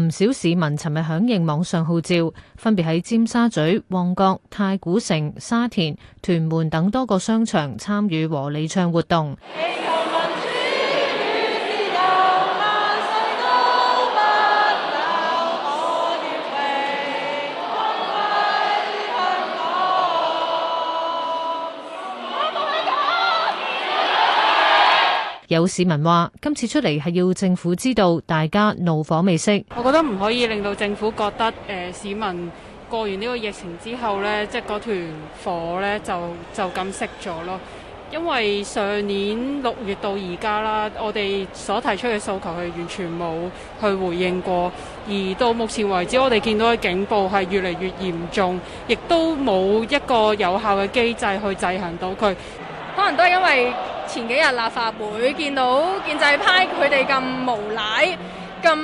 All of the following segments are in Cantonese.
唔少市民尋日響應網上號召，分別喺尖沙咀、旺角、太古城、沙田、屯門等多個商場參與和你唱活動。有市民話：今次出嚟係要政府知道大家怒火未熄。我覺得唔可以令到政府覺得誒、呃、市民過完呢個疫情之後呢，即係嗰團火呢就就咁熄咗咯。因為上年六月到而家啦，我哋所提出嘅訴求係完全冇去回應過，而到目前為止，我哋見到嘅警暴係越嚟越嚴重，亦都冇一個有效嘅機制去制衡到佢。可能都係因為前幾日立法會見到建制派佢哋咁無賴咁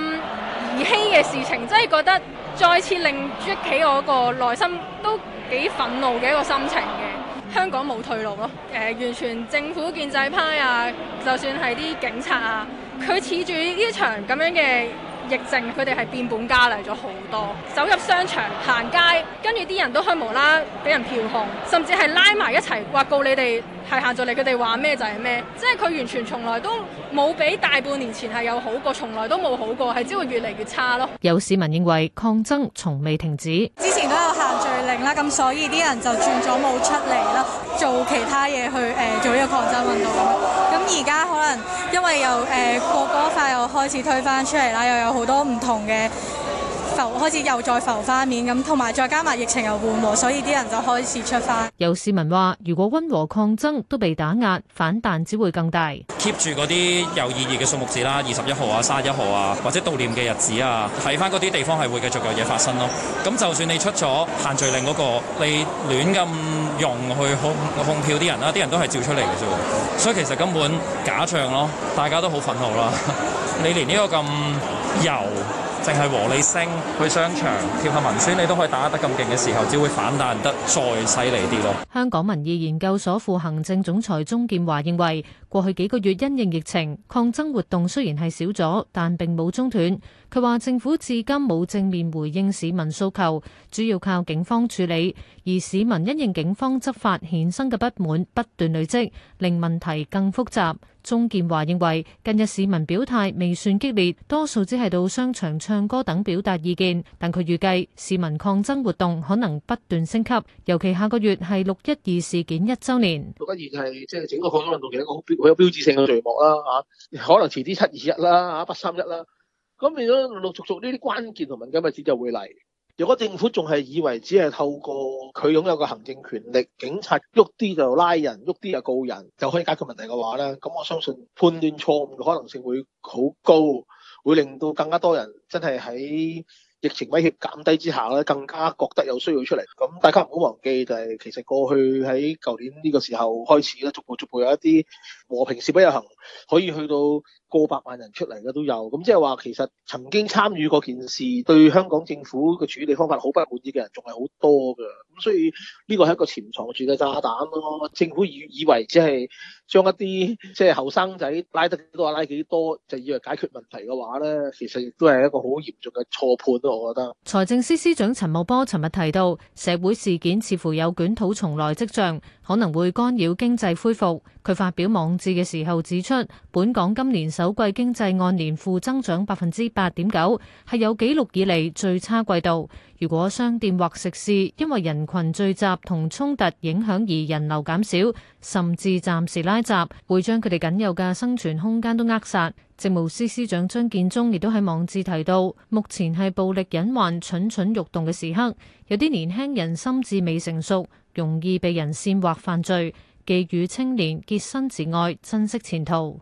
兒戲嘅事情，真係覺得再次令啜起我個內心都幾憤怒嘅一個心情嘅。香港冇退路咯，誒、呃、完全政府、建制派啊，就算係啲警察啊，佢恃住呢一場咁樣嘅。疫症佢哋係變本加厲咗好多，走入商場、行街，跟住啲人都開無啦，俾人票控，甚至係拉埋一齊刮告你哋係限聚令，佢哋話咩就係咩，即係佢完全從來都冇比大半年前係有好過，從來都冇好過，係只會越嚟越差咯。有市民認為抗爭從未停止，之前都有限聚令啦，咁所以啲人就轉咗冇出嚟啦，做其他嘢去誒、呃、做呢個抗爭運動。因為由誒國歌法又開始推返出嚟啦，又有好多唔同嘅。浮開始又再浮花面咁，同埋再加埋疫情又緩和，所以啲人就開始出發。有市民話，如果溫和抗爭都被打壓，反彈只會更大。keep 住嗰啲有意義嘅數目字啦，二十一號啊、三十一號啊，或者悼念嘅日子啊，睇翻嗰啲地方係會繼續有嘢發生咯。咁就算你出咗限聚令嗰個，你亂咁用去控控票啲人啦，啲人都係照出嚟嘅啫。所以其實根本假象咯，大家都好憤怒啦。 你連呢個咁油。淨係和你唱去商場跳下文先，你都可以打得咁勁嘅時候，只會反彈得再犀利啲咯。香港民意研究所副行政總裁鍾劍華認為，過去幾個月因應疫情抗爭活動雖然係少咗，但並冇中斷。佢話：政府至今冇正面回應市民訴求，主要靠警方處理，而市民因應警方執法衍生嘅不滿不斷累積，令問題更複雜。鍾健華認為，近日市民表態未算激烈，多數只係到商場唱歌等表達意見，但佢預計市民抗爭活動可能不斷升級，尤其下個月係六一二事件一週年。六一二就係即係整個抗爭運動其實好有標誌性嘅序幕啦，嚇！可能遲啲七二一啦，嚇！八三一啦。咁變咗陸陸續續呢啲關鍵同敏感日子就會嚟。如果政府仲係以為只係透過佢擁有個行政權力，警察喐啲就拉人，喐啲就告人，就可以解決問題嘅話咧，咁我相信判斷錯誤嘅可能性會好高，會令到更加多人真係喺，疫情威脅減低之下咧，更加覺得有需要出嚟。咁大家唔好忘記，就係、是、其實過去喺舊年呢個時候開始咧，逐步逐步有一啲和平示威遊行，可以去到過百萬人出嚟嘅都有。咁即係話，其實曾經參與過件事，對香港政府嘅處理方法好不滿意嘅人，仲係好多㗎。咁所以呢個係一個潛藏住嘅炸彈咯。政府以以為只係。將一啲即係後生仔拉得多拉幾多就以為解決問題嘅話呢，其實亦都係一個好嚴重嘅錯判，我覺得。財政司司長陳茂波尋日提到，社會事件似乎有捲土重來跡象，可能會干擾經濟恢復。佢發表網誌嘅時候指出，本港今年首季經濟按年負增長百分之八點九，係有紀錄以嚟最差季度。如果商店或食肆因為人群聚集同衝突影響而人流減少，甚至暫時啦。埃及會將佢哋僅有嘅生存空間都扼殺。政務司司長張建宗亦都喺網誌提到，目前係暴力隱患蠢蠢欲動嘅時刻，有啲年輕人心智未成熟，容易被人煽惑犯罪，寄語青年潔身自愛，珍惜前途。